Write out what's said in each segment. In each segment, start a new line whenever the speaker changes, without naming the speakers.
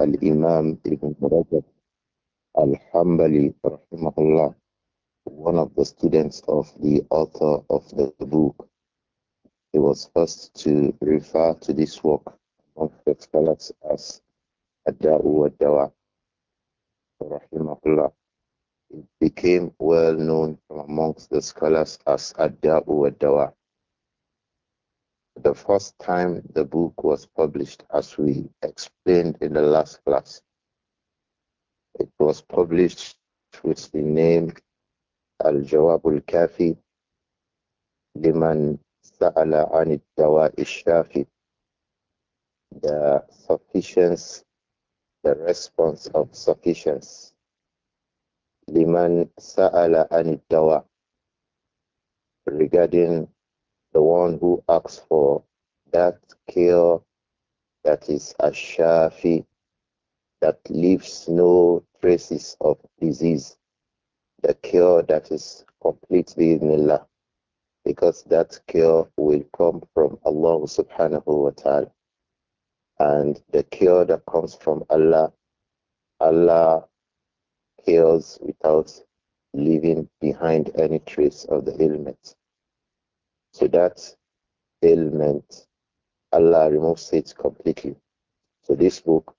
Al-Imam Ibn Rajab Al-Hambali, rahimahullah, one of the students of the author of the book. He was first to refer to this work among the scholars as ad Ad-Dawa, rahimahullah. It became well known from amongst the scholars as ad Ad-Dawa the first time the book was published, as we explained in the last class. It was published with the name Al Jawab al Kafi Liman Sa'ala Anit Dawa Ishafi, the sufficiency, the response of sufficiency. Liman Sa'ala Anit Dawa, regarding the one who asks for that cure that is ashafi, that leaves no traces of disease, the cure that is completely bi'idhnillah, because that cure will come from Allah subhanahu wa ta'ala. And the cure that comes from Allah, Allah heals without leaving behind any trace of the ailment. So that ailment, Allah removes it completely. So this book,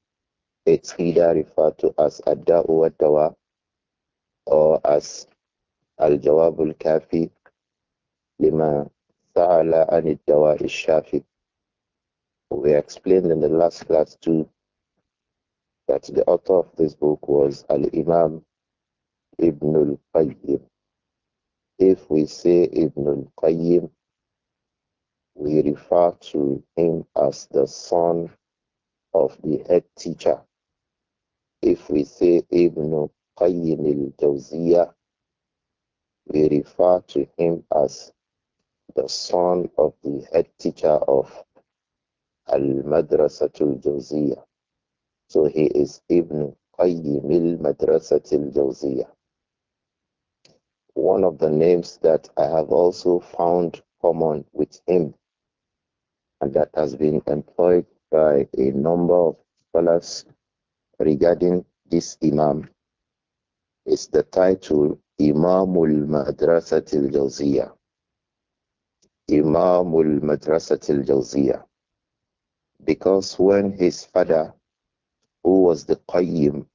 it's either referred to as Adda'u wa Dawa or as Al-Jawab al-Kafi lima sa'ala anid dawa shafi We explained in the last class too that the author of this book was Al-Imam Ibn al-Qayyim. If we say Ibn al-Qayyim, we refer to him as the son of the head teacher. If we say Ibn Qayyim al-Jawziyah, we refer to him as the son of the head teacher of Al-Madrasatul Jawziyah. So he is Ibn Qayyim al-Madrasatul Jawziyah. One of the names that I have also found common with him and that has been employed by a number of scholars regarding this Imam is the title Imamul Madrasatil Jawziya. Imamul al Jawziya. Because when his father, who was the Qayyim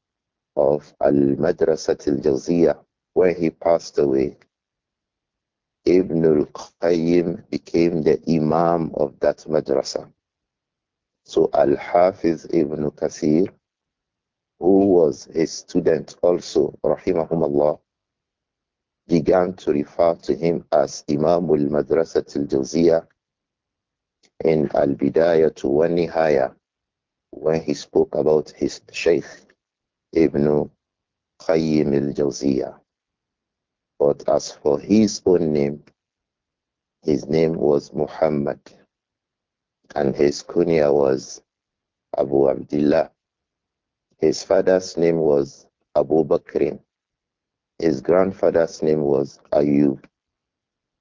of Al al Jawziya, when he passed away, Ibn al-Qayyim became the Imam of that madrasa. So Al-Hafiz Ibn Kathir, who was a student also, rahimahumullah, began to refer to him as Imam al madrasa al-Jawziyah in Al-Bidayah to al-Nihaya when he spoke about his Shaykh Ibn Qayyim al-Jawziyah. But as for his own name, his name was Muhammad, and his kunya was Abu Abdullah. His father's name was Abu Bakr. His grandfather's name was Ayub.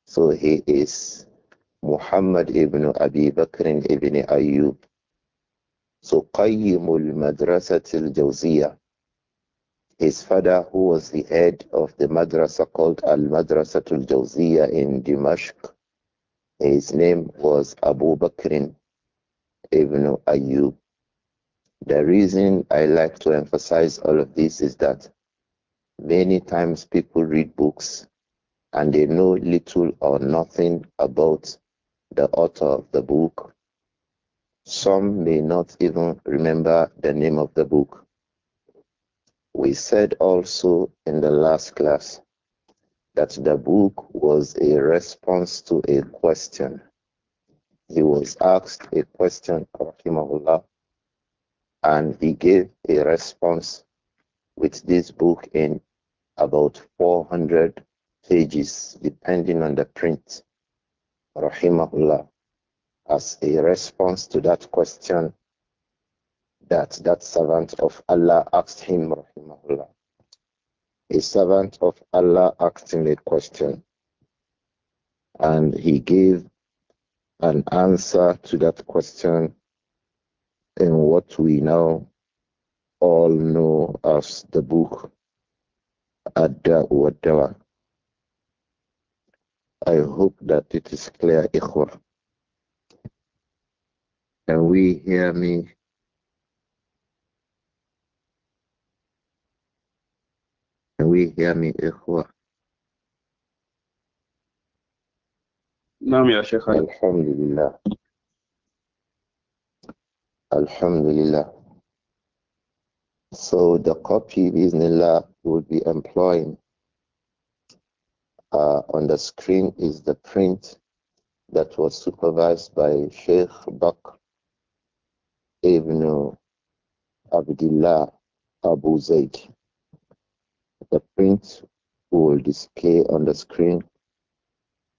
So he is Muhammad ibn Abi Bakr ibn Ayub. So Qayyimul Madrasatil Jawziyah his father, who was the head of the madrasa called Al Madrasa Tul Jawziya in Dimashq, his name was Abu Bakrin Ibn Ayyub. The reason I like to emphasize all of this is that many times people read books and they know little or nothing about the author of the book. Some may not even remember the name of the book. We said also in the last class that the book was a response to a question. He was asked a question, Rahimahullah, and he gave a response with this book in about 400 pages, depending on the print. Rahimahullah, as a response to that question that that servant of Allah asked him, rahimahullah. A servant of Allah asked him a question, and he gave an answer to that question in what we now all know as the book Adda Wadawa. I hope that it is clear, Ikhwa. Can we hear me? Can we hear me, شيخ الحمد لله Alhamdulillah. Alhamdulillah. So the copy Bismillah will be employing uh, on the screen is the print that was supervised by Sheikh Bakr Ibn Abdullah Abu Zaid. The print will display on the screen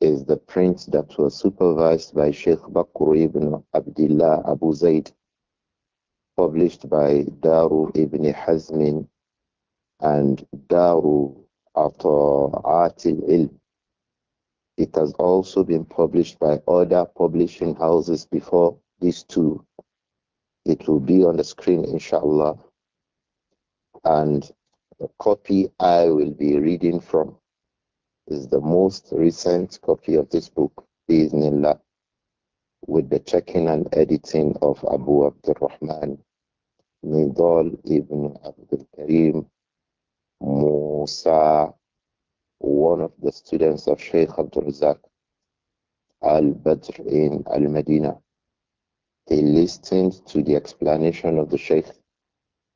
is the print that was supervised by Sheikh Bakr ibn Abdullah Abu Zaid, published by Daru ibn Hazmin and Daru Atil Ilm. It has also been published by other publishing houses before these two. It will be on the screen, inshallah. And the copy I will be reading from is the most recent copy of this book, Biznillah, with the checking and editing of Abu Abdurrahman Nidal ibn Abdul Karim Musa, one of the students of Sheikh Abdul Razak al Badr in Al Medina. He listened to the explanation of the Sheikh.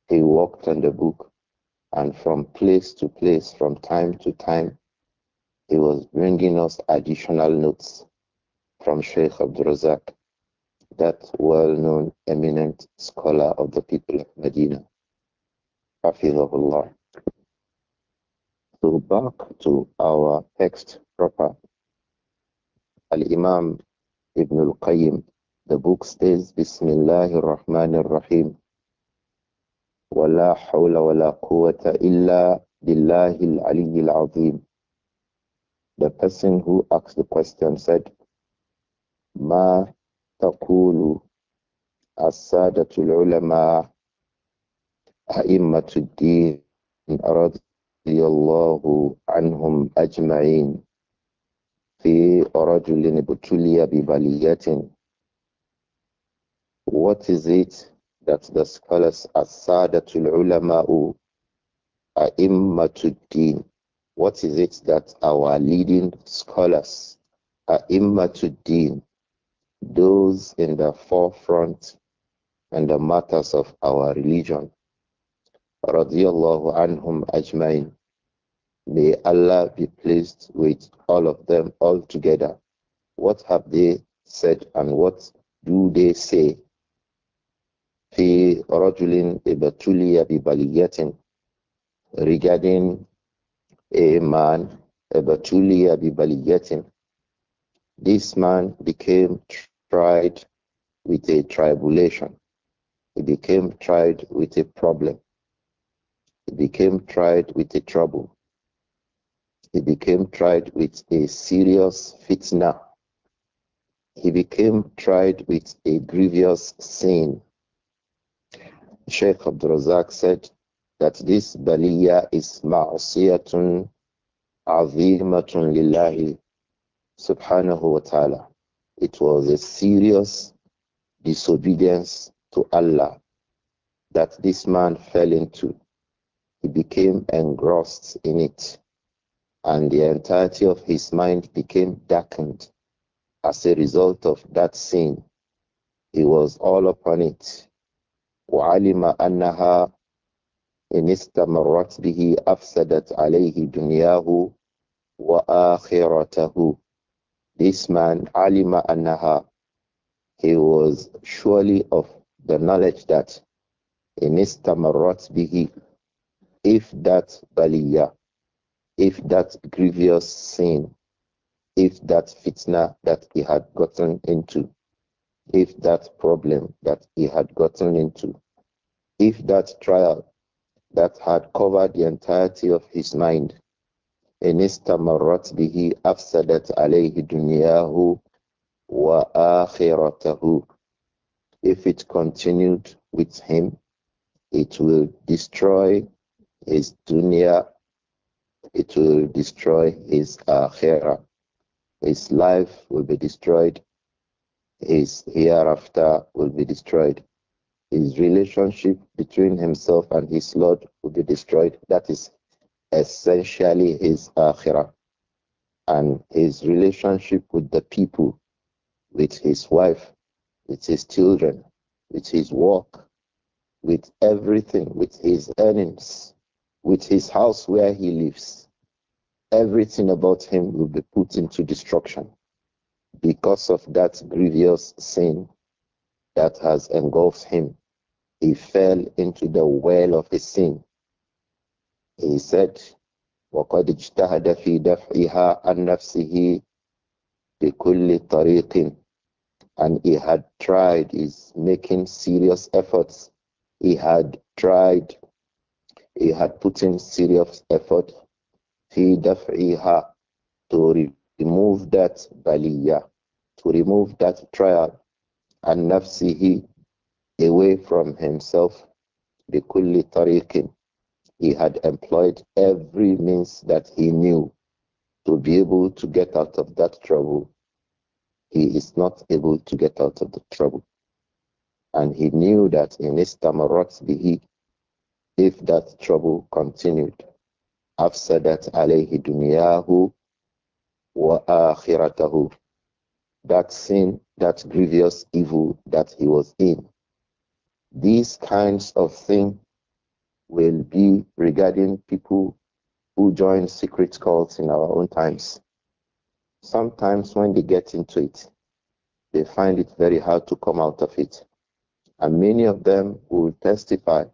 He worked on the book and from place to place, from time to time, he was bringing us additional notes from Sheikh Abdurazak, Razak, that well-known eminent scholar of the people of Medina, Hafizahullah. So back to our text proper, Al-Imam Ibn al-Qayyim, the book says, Bismillahir Rahmanir Rahim, ولا حول ولا قوة إلا بالله العلي العظيم The person who asked the question said ما تقول السادة العلماء أئمة الدين رضي الله عنهم أجمعين في رجل ابتلي ببلية What is it that the scholars Asadatul Ulama'u A'immatuddin. What is it that our leading scholars A'immatuddin, those in the forefront and the matters of our religion, radiyallahu anhum ajmain. May Allah be pleased with all of them all together. What have they said and what do they say في رجل ابتلي ببلية regarding a man ابتلي ببلية this man became tried with a tribulation he became tried with a problem he became tried with a trouble he became tried with a serious fitna he became tried with a grievous sin Sheikh Abdul Razak said that this baliya is ma'asiyatun azimatun lillahi subhanahu wa ta'ala. It was a serious disobedience to Allah that this man fell into. He became engrossed in it, and the entirety of his mind became darkened as a result of that sin. He was all upon it. وعلم أنها إن استمرت به أفسدت عليه دنياه وآخرته This man, Alima Annaha, he was surely of the knowledge that in istamarat bihi, if that baliya, if that grievous sin, if that fitna that he had gotten into, if that problem that he had gotten into, if that trial that had covered the entirety of his mind, in istamarat bihi afsadat alayhi dunyahu wa If it continued with him, it will destroy his dunya, it will destroy his akhirah. His life will be destroyed his hereafter will be destroyed. His relationship between himself and his Lord will be destroyed. That is essentially his akhirah. And his relationship with the people, with his wife, with his children, with his work, with everything, with his earnings, with his house where he lives. Everything about him will be put into destruction because of that grievous sin that has engulfed him. He fell into the well of his sin. He said, وقد اجتهد في دفعها عن نفسه بكل طريق and he had tried is making serious efforts he had tried he had put in serious effort في دفعها to remove that baliya to remove that trial and nafsihi away from himself bikulli tariqin. He had employed every means that he knew to be able to get out of that trouble. He is not able to get out of the trouble. And he knew that in be bihi, if that trouble continued, afsadat alayhi dunyahu wa akhiratahu that sin, that grievous evil that he was in. These kinds of things will be regarding people who join secret cults in our own times. Sometimes when they get into it, they find it very hard to come out of it. And many of them will testify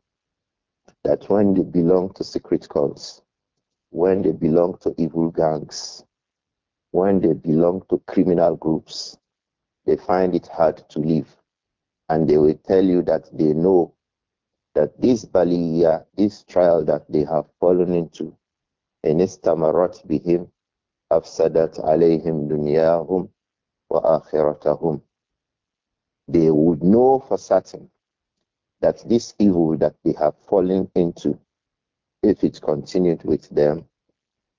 that when they belong to secret cults, when they belong to evil gangs, when they belong to criminal groups, they find it hard to live. And they will tell you that they know that this baliya, this trial that they have fallen into, istamarat bihim, afsadat alayhim dunyahum wa akhiratahum. They would know for certain that this evil that they have fallen into, if it continued with them,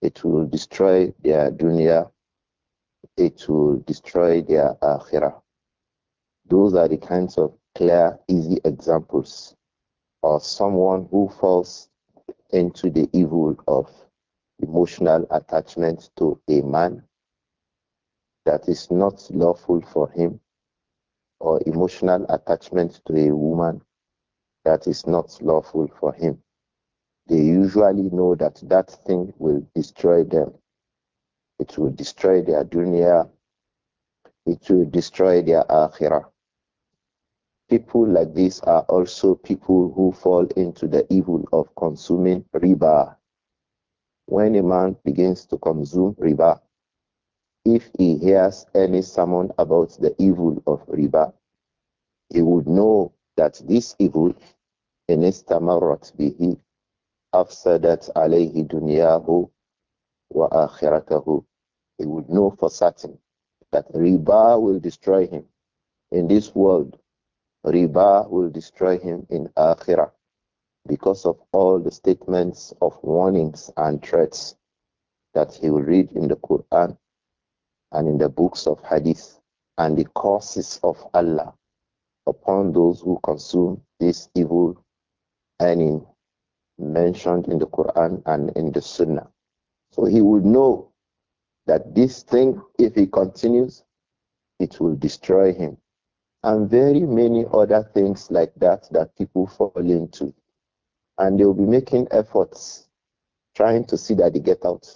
it will destroy their dunya it will destroy their akhirah. Uh, Those are the kinds of clear, easy examples of someone who falls into the evil of emotional attachment to a man that is not lawful for him, or emotional attachment to a woman that is not lawful for him. They usually know that that thing will destroy them it will destroy their dunya. It will destroy their akhirah. People like this are also people who fall into the evil of consuming riba. When a man begins to consume riba, if he hears any sermon about the evil of riba, he would know that this evil in استمرت به أفسدت عليه دنياه وَآخِرَتَهُ He would know for certain that riba will destroy him in this world. Riba will destroy him in akhirah because of all the statements of warnings and threats that he will read in the Quran and in the books of Hadith and the curses of Allah upon those who consume this evil earning mentioned in the Quran and in the Sunnah. So he would know that this thing, if he continues, it will destroy him. And very many other things like that that people fall into. And they'll be making efforts trying to see that they get out,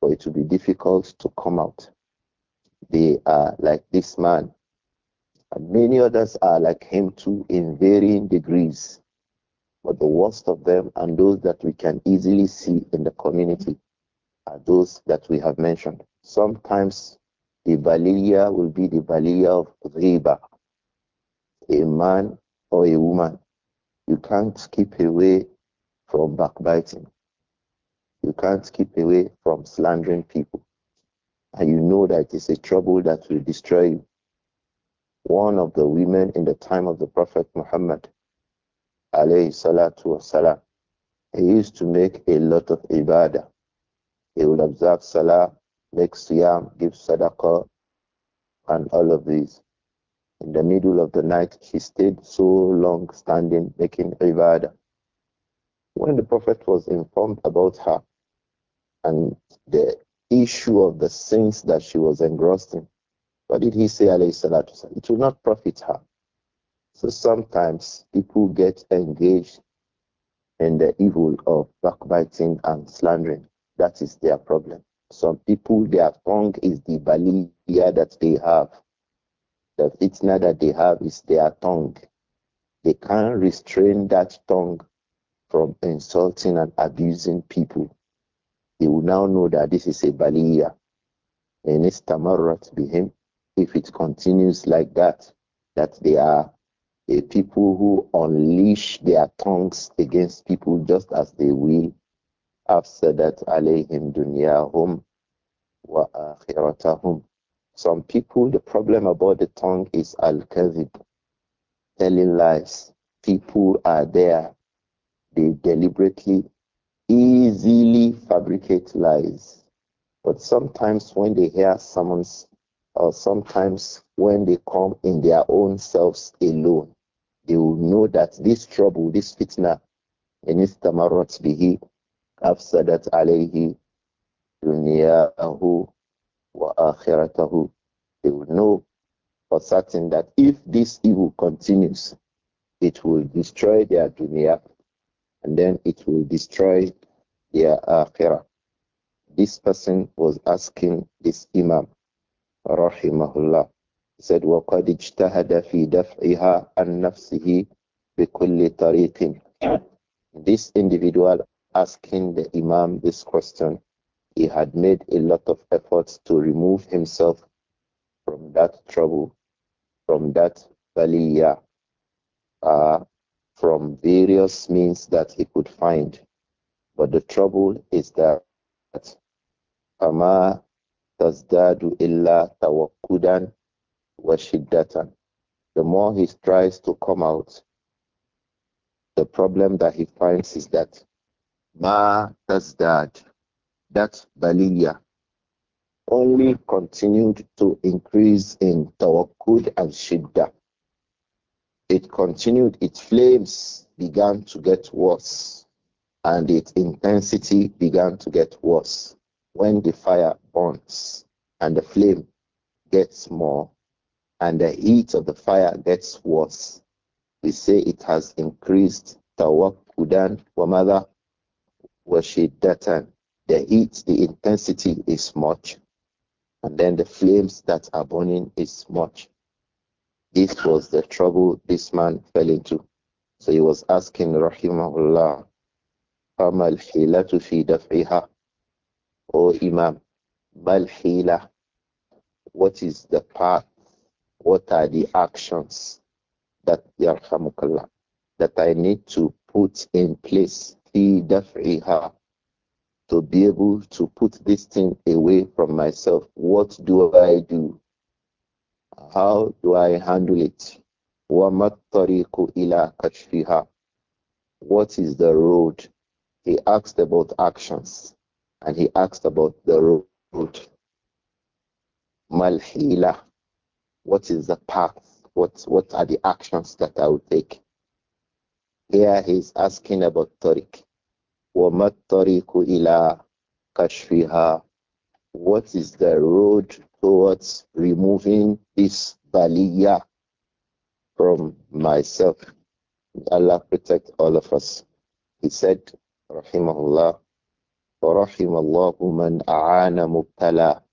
but it will be difficult to come out. They are like this man. And many others are like him too in varying degrees. But the worst of them and those that we can easily see in the community are those that we have mentioned. Sometimes the baliya will be the baliya of riba. A man or a woman, you can't keep away from backbiting. You can't keep away from slandering people. And you know that it's a trouble that will destroy you. One of the women in the time of the Prophet Muhammad, alayhi salatu wasalam, he used to make a lot of ibadah he will observe Salah, make Siyam, give Sadaqah, and all of these. In the middle of the night, he stayed so long standing, making ibadah. When the Prophet was informed about her and the issue of the sins that she was engrossed in, what did he say, salatu It will not profit her. So sometimes people get engaged in the evil of backbiting and slandering. That is their problem. Some people, their tongue is the baliya that they have. The fitna that they have is their tongue. They can't restrain that tongue from insulting and abusing people. They will now know that this is a baliya, And it's tamarat bihim. If it continues like that, that they are a people who unleash their tongues against people just as they will أَفْسَدَتْ عَلَيْهِمْ wa وَآخِرَتَهُمْ Some people, the problem about the tongue is al-kadhib, telling lies. People are there. They deliberately, easily fabricate lies. But sometimes when they hear someone's, or sometimes when they come in their own selves alone, they will know that this trouble, this fitna, in istamarat bihi أفسدت عليه دنياه وآخرته they will know for certain that if this evil continues it will destroy their dunya and then it will destroy their akhirah this person was asking this imam rahimahullah he said وَقَدْ اجْتَهَدَ فِي دَفْعِهَا عَنْ نَفْسِهِ بِكُلِّ طَرِيقٍ this individual asking the Imam this question, he had made a lot of efforts to remove himself from that trouble, from that baliyah, uh, from various means that he could find. But the trouble is that Ama tazdadu illa tawakkudan wa The more he tries to come out, the problem that he finds is that Ma tazdad. That baliyah only continued to increase in tawakkul and shiddah. It continued, its flames began to get worse and its intensity began to get worse. When the fire burns and the flame gets more and the heat of the fire gets worse, we say it has increased tawakkudan wa mother she washiddatan. Uh, the heat, the intensity is much. And then the flames that are burning is much. This was the trouble this man fell into. So he was asking Rahimahullah, فَمَا الْحِيلَةُ فِي دَفْعِهَا O Imam, بَالْحِيلَةُ What is the path? What are the actions that, that I need to put in place fi daf'iha to be able to put this thing away from myself. What do I do? How do I handle it? What is the road? He asked about actions and he asked about the road. Malhila. What is the path? What, what are the actions that I will take? Here he is asking about tariq. What is the road towards removing this baliyah from myself? Allah protect all of us. He said, Rahimahullah, Rahimullah الله من أعان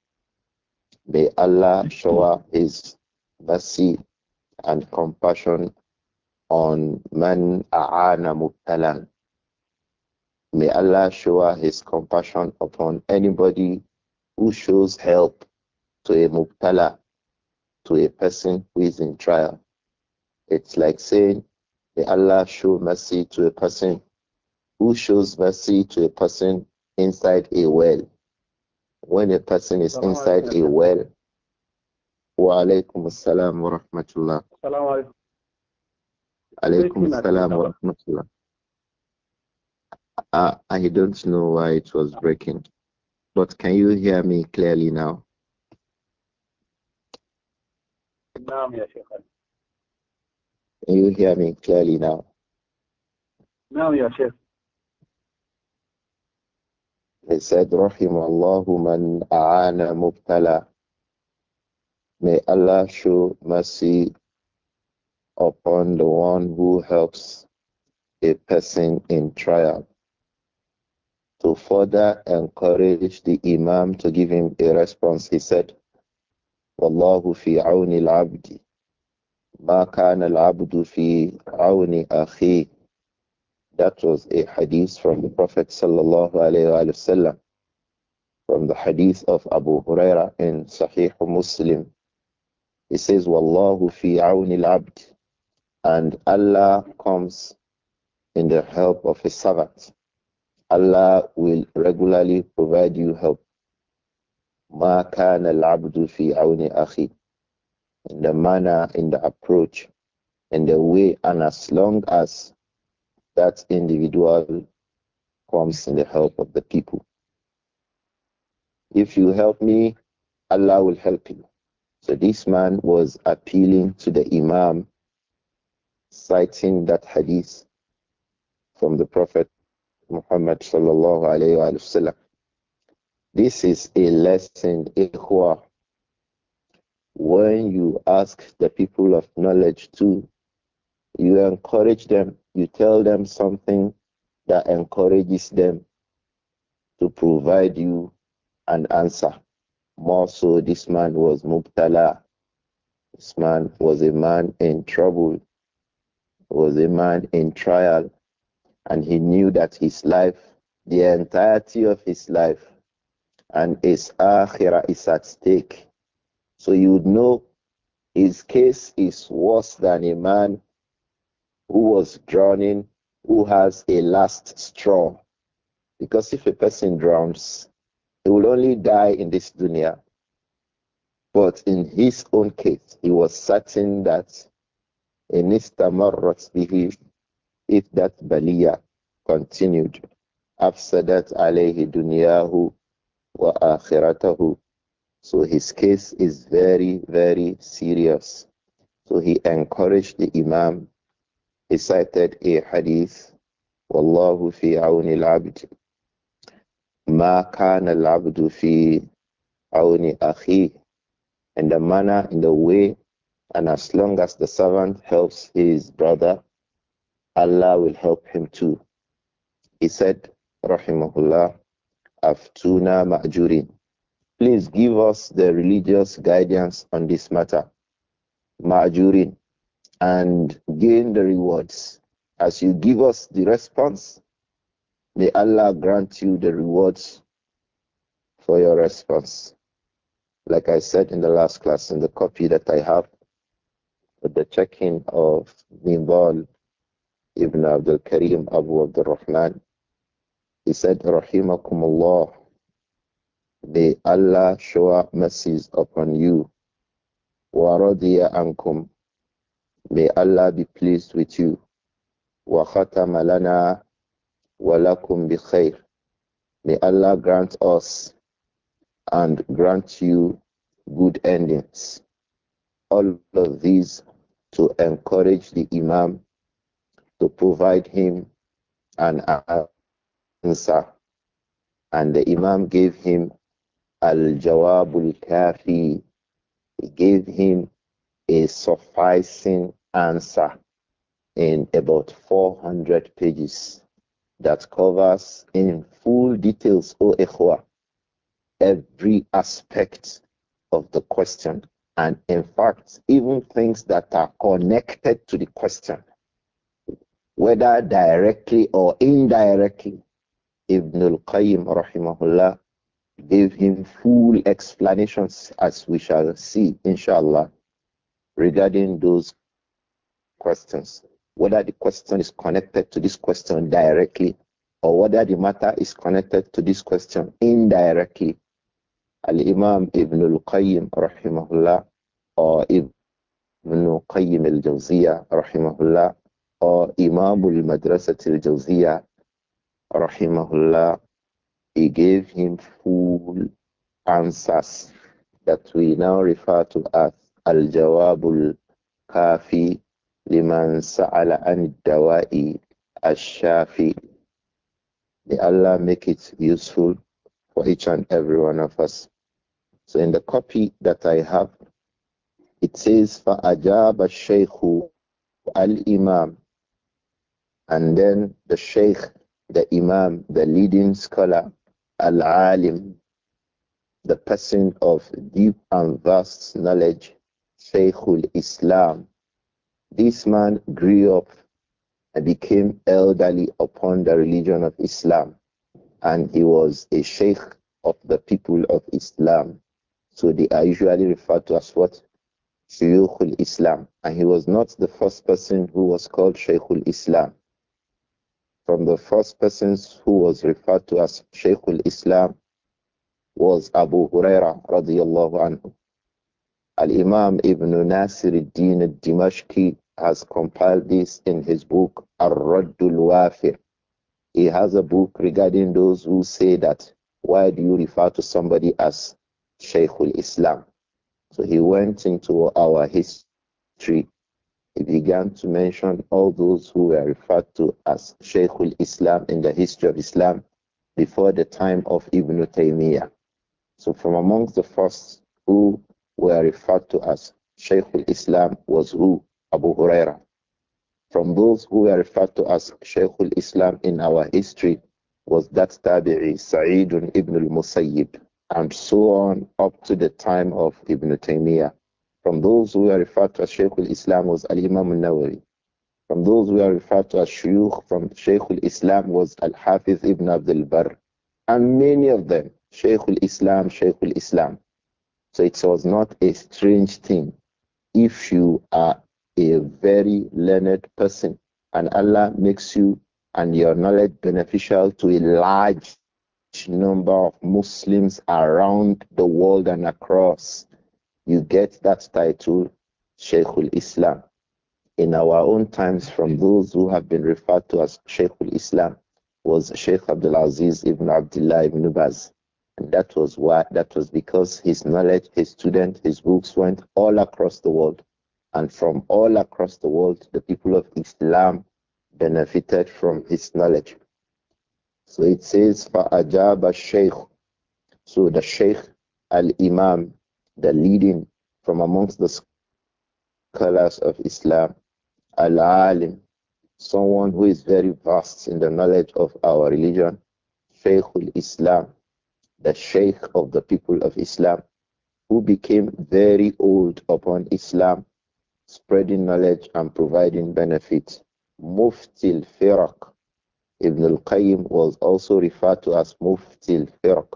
May Allah shower His mercy and compassion on man a'ana mubtalan. May Allah show his compassion upon anybody who shows help to a mubtala, to a person who is in trial. It's like saying, May Allah show mercy to a person who shows mercy to a person inside a well. When a person is inside a well, wa alaykum assalam wa rahmatullah. Alaykum salam wa rahmatullah. Uh, I don't know why it was breaking, but can you hear me clearly now? Can you hear me clearly now? نعم يا شيخ He said, رحم الله من أعان May Allah show mercy upon the one who helps a person in trial. To further encourage the Imam to give him a response, he said, Wallahu fi awni al-abdi. Ma kana al-abdu fi awni akhi. That was a hadith from the Prophet sallallahu alayhi wa sallam. From the hadith of Abu Huraira in Sahih Muslim. He says, Wallahu fi awni al-abdi. And Allah comes in the help of His servant. Allah will regularly provide you help. ما كان العبد fi auni أخي in the manner, in the approach, in the way, and as long as that individual comes in the help of the people. If you help me, Allah will help you. So this man was appealing to the Imam citing that hadith from the Prophet Muhammad sallallahu alayhi wa This is a lesson, ikhwa. When you ask the people of knowledge to, you encourage them, you tell them something that encourages them to provide you an answer. More so, this man was Mubtala. This man was a man in trouble was a man in trial and he knew that his life, the entirety of his life, and his akhirah is at stake. So you know his case is worse than a man who was drowning, who has a last straw. Because if a person drowns, he will only die in this dunya. But in his own case, he was certain that in istamarrat bihi, if that baliya continued, afsadat alayhi dunyahu wa akhiratahu. So his case is very, very serious. So he encouraged the Imam. He cited a hadith, Wallahu fi awni al-abd. Ma kana al-abdu fi awni akhi. And the manner, in the way and as long as the servant helps his brother, Allah will help him too. He said, Rahimahullah, Aftuna Ma'jurin. Please give us the religious guidance on this matter. Ma'jurin. And gain the rewards. As you give us the response, may Allah grant you the rewards for your response. Like I said in the last class, in the copy that I have, with the checking of Minbal ibn Abdul Karim Abu Abdul Rahman. He said, Allah. may Allah shower mercies upon you. Waradiya ankum, may Allah be pleased with you. Wa khatama lana wa lakum bi khair. May Allah grant us and grant you good endings. All of these to encourage the Imam to provide him an answer. And the Imam gave him Al Jawabul Kafi. He gave him a sufficing answer in about 400 pages that covers in full details, O Ikhwa, every aspect of the question and in fact, even things that are connected to the question, whether directly or indirectly. Ibn al-Qayyim rahimahullah gave him full explanations as we shall see inshallah regarding those questions whether the question is connected to this question directly or whether the matter is connected to this question indirectly Al-Imam Ibn al-Qayyim rahimahullah or Ibn al-Qayyim al-Jawziyah rahimahullah or Imam al-Madrasat al-Jawziyah rahimahullah he gave him full answers that we now refer to as al-jawabul kafi liman sa'ala an dawa'i ash-shafi may Allah make it useful for each and every one of us. So in the copy that I have, it says for فَأَجَابَ al Imam, And then the Sheikh, the Imam, the leading scholar, Al-Alim, the person of deep and vast knowledge, Sheikhul Islam. This man grew up and became elderly upon the religion of Islam and he was a sheikh of the people of Islam. So they are usually referred to as what? Shaykhul Islam. And he was not the first person who was called Shaykhul Islam. From the first persons who was referred to as Shaykhul Islam was Abu Huraira radiallahu anhu. Al-Imam Ibn Nasir al-Din al-Dimashqi has compiled this in his book Ar-Raddul Wafir he has a book regarding those who say that why do you refer to somebody as Shaykhul Islam? So he went into our history. He began to mention all those who were referred to as Shaykhul Islam in the history of Islam before the time of Ibn Taymiyyah. So from amongst the first who were referred to as Shaykhul Islam was who? Abu Huraira from those who were referred to as Shaykhul Islam in our history was that Tabi'i, Sa'idun ibn al-Musayyib, and so on up to the time of Ibn Taymiyyah. From those who were referred to as Shaykhul Islam was Al-Imam al-Nawawi. From those who are referred to as Shuyukh from Shaykhul Islam was Al-Hafiz ibn Abdul Barr. And many of them, Shaykhul Islam, Shaykhul Islam. So it was not a strange thing if you are a very learned person, and Allah makes you and your knowledge beneficial to a large number of Muslims around the world and across. You get that title, Sheikhul Islam. In our own times, from those who have been referred to as Sheikhul Islam, was Sheikh Abdul Aziz ibn Abdullah ibn Baz. And that was why that was because his knowledge, his student, his books went all across the world. And from all across the world, the people of Islam benefited from his knowledge. So it says, فَأَجَابَ Shaykh. So the Shaykh, Al-Imam, the leading from amongst the scholars of Islam, Al-Alim, someone who is very vast in the knowledge of our religion, Shaykhul Islam, the Shaykh of the people of Islam, who became very old upon Islam spreading knowledge and providing benefit. Mufti al Ibn al-Qayyim was also referred to as Mufti al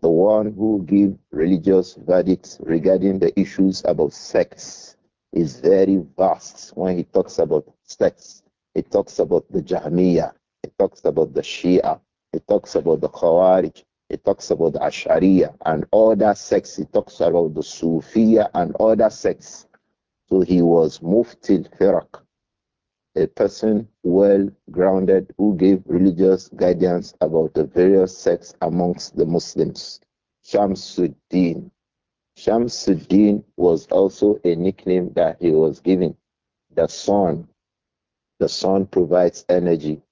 the one who gives religious verdicts regarding the issues about sex. Is very vast when he talks about sex. He talks about the Jahmiyyah. He talks about the Shia. He talks about the Khawarij. He talks about the Ashariya and other sects. He talks about the Sufiya and other sects. So he was Mufti Iraq, a person well grounded who gave religious guidance about the various sects amongst the Muslims. Shamsuddin. Shamsuddin was also a nickname that he was given. The sun. The sun provides energy.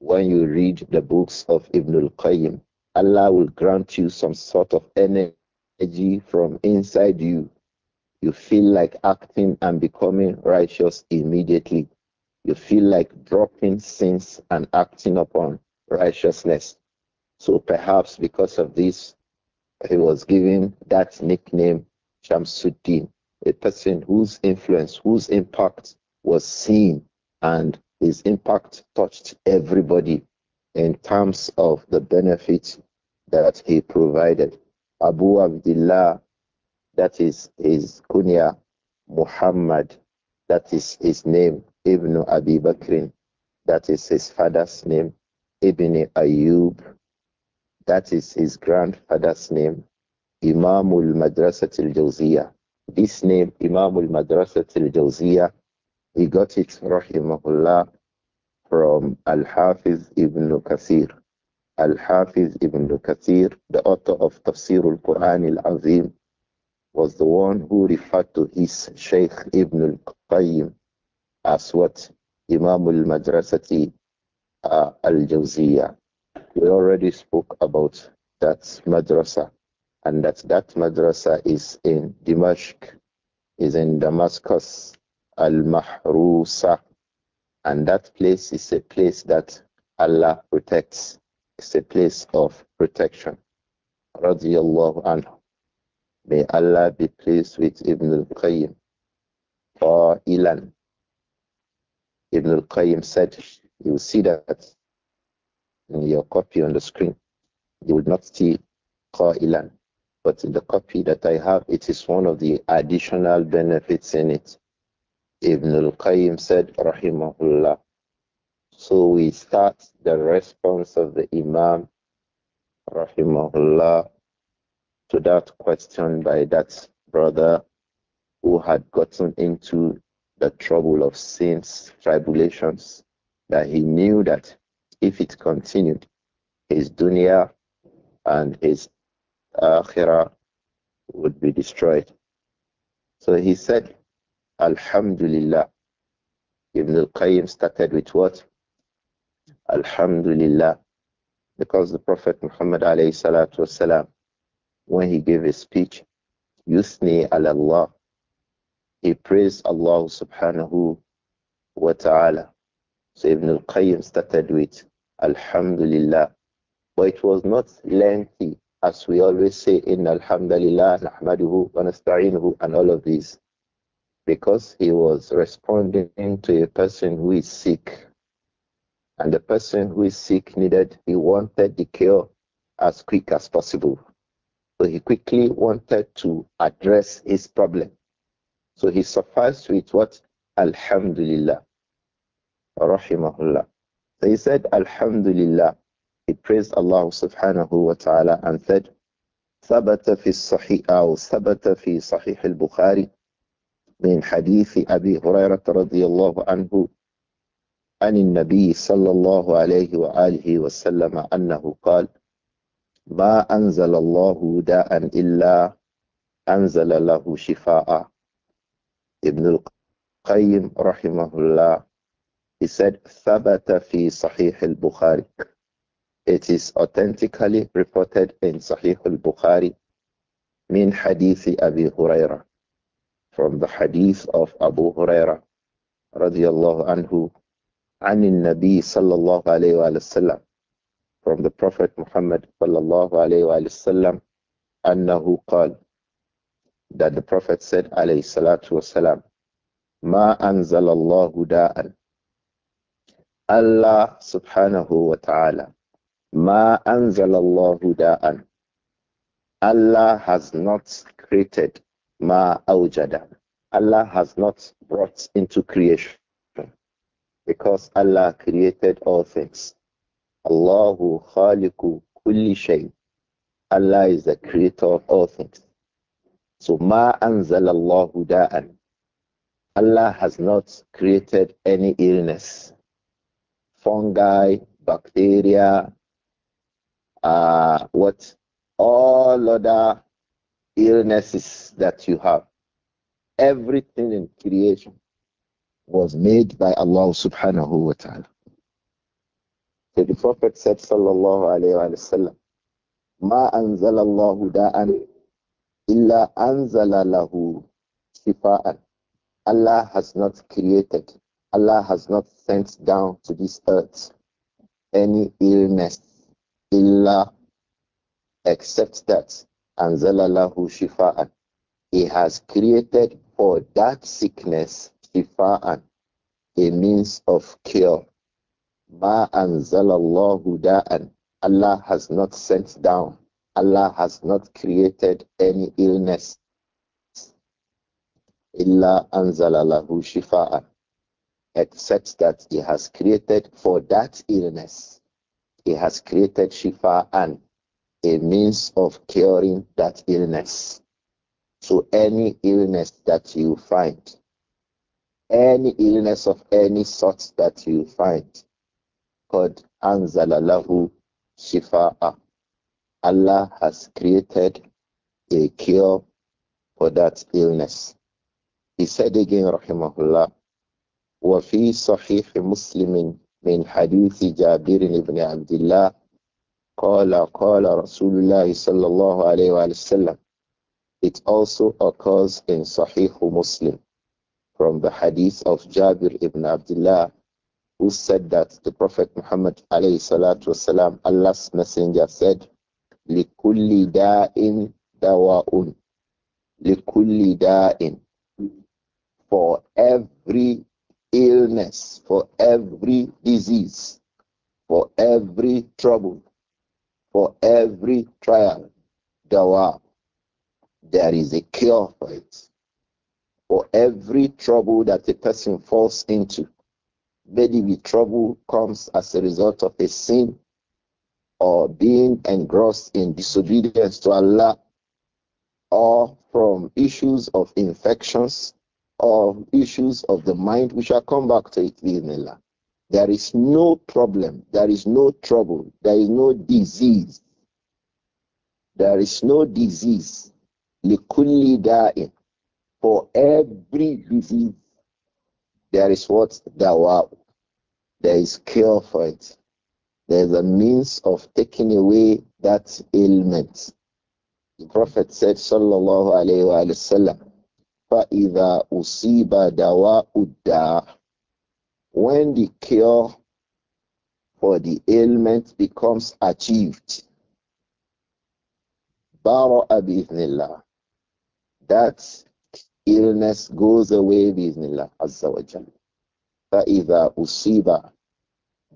When you read the books of Ibn al-Qayyim, Allah will grant you some sort of energy from inside you you feel like acting and becoming righteous immediately. You feel like dropping sins and acting upon righteousness. So perhaps because of this, he was given that nickname Shamsuddin, a person whose influence, whose impact was seen, and his impact touched everybody in terms of the benefits that he provided. Abu Abdullah that is his kunya, Muhammad. That is his name, Ibn Abi Bakrin. That is his father's name, Ibn Ayub. That is his grandfather's name, Imamul Madrasatil Jawziyah. This name, Imamul Madrasatil Jawziyah, he got it, rahimahullah, from Al-Hafiz ibn Kathir. Al-Hafiz ibn Kathir, the author of Tafsir al-Quran al-Azim, was the one who referred to his Sheikh Ibn al-Qayyim as what Imam al-Madrasati uh, al-Jawziyah. We already spoke about that madrasa and that that madrasa is in is in Damascus, al-Mahrusa. And that place is a place that Allah protects. It's a place of protection. Radiallahu anhu. May Allah be pleased with Ibn al-Qayyim or Ilan. Ibn al-Qayyim said, you will see that in your copy on the screen. You will not see Qa'ilan. But in the copy that I have, it is one of the additional benefits in it. Ibn al-Qayyim said, Rahimahullah. So we start the response of the Imam, Rahimahullah, to that question by that brother who had gotten into the trouble of sins, tribulations, that he knew that if it continued, his dunya and his akhirah would be destroyed. So he said, Alhamdulillah. Ibn al-Qayyim started with what? Alhamdulillah. Because the Prophet Muhammad alayhi salatu wasalam, when he gave his speech, Yusni ala Allah. He praised Allah subhanahu wa ta'ala. So Ibn al-Qayyim started with Alhamdulillah. But it was not lengthy, as we always say in Alhamdulillah, Nahmaduhu, wa and all of these. Because he was responding to a person who is sick. And the person who is sick needed, he wanted the cure as quick as possible. So he quickly wanted to address his problem. So he suffers with what? Alhamdulillah. Rahimahullah. So he said, Alhamdulillah. He praised Allah subhanahu wa ta'ala and said, Sabata fi sahih aw sabata fi sahih al-Bukhari min hadithi Abi Hurairah radiyallahu anhu an nabi sallallahu alayhi wa alihi wa sallama annahu ما أنزل الله داء إلا أنزل له شفاء ابن القيم رحمه الله he said ثبت في صحيح البخاري it is authentically reported in صحيح البخاري من حديث أبي هريرة from the hadith of Abu Huraira رضي الله عنه عن النبي صلى الله عليه وسلم from the Prophet Muhammad sallallahu alayhi wa sallam annahu qal that the Prophet said alayhi salatu wasalam ma anzalallahu da'an Allah subhanahu wa ta'ala ma anzalallahu da'an Allah has not created ma awjada Allah has not brought into creation because Allah created all things Allahu khaliqu kulli shay. Allah is the creator of all things. So ma Allahu da'an. Allah has not created any illness. Fungi, bacteria, uh, what all other illnesses that you have. Everything in creation was made by Allah subhanahu wa ta'ala. So the Prophet said, Sallallahu Alaihi Wasallam, Ma anzalallahu da'an illa anzala lahu shifa'an. Allah has not created, Allah has not sent down to this earth any illness illa except that anzala lahu shifa'an. He has created for that sickness shifa'an, a means of cure Ma anzalallahu da'an. Allah has not sent down. Allah has not created any illness. Illa anzalallahu shifa'an. Except that He has created for that illness. He has created shifa'an, a means of curing that illness. So any illness that you find, any illness of any sort that you find, قَدْ أَنزَلَ لَهُ شِفَاءً Allah has created a cure for that illness. He said again, rahimahullah, wa fi Sahih من حديث جابر بن عبد الله قال قال رسول الله صلى الله عليه It also occurs in Sahih Muslim from the hadith of Jabir ibn Abdullah who said that the Prophet Muhammad alayhi salatu wasalam, Allah's messenger said, لِكُلِّ دَاءٍ دَوَاءٌ لِكُلِّ دَاءٍ For every illness, for every disease, for every trouble, for every trial, dawa, there is a cure for it. For every trouble that a person falls into, maybe with trouble comes as a result of a sin or being engrossed in disobedience to Allah or from issues of infections or issues of the mind. We shall come back to it in Allah. There is no problem, there is no trouble, there is no disease. There is no disease. Likulli da'in. For every disease, there is what? Dawa. There is cure for it. There's a means of taking away that ailment. The Prophet said, Sallallahu Alaihi Wasallam, فَإِذَا أُصِيبَ دَوَاءُ الدَّاءِ When the cure for the ailment becomes achieved, بَرَأَ بِإِذْنِ اللَّهِ That illness goes away بِإِذْنِ اللَّهِ عَزَّ وَجَلَّ فَإِذَا أُصِيبَ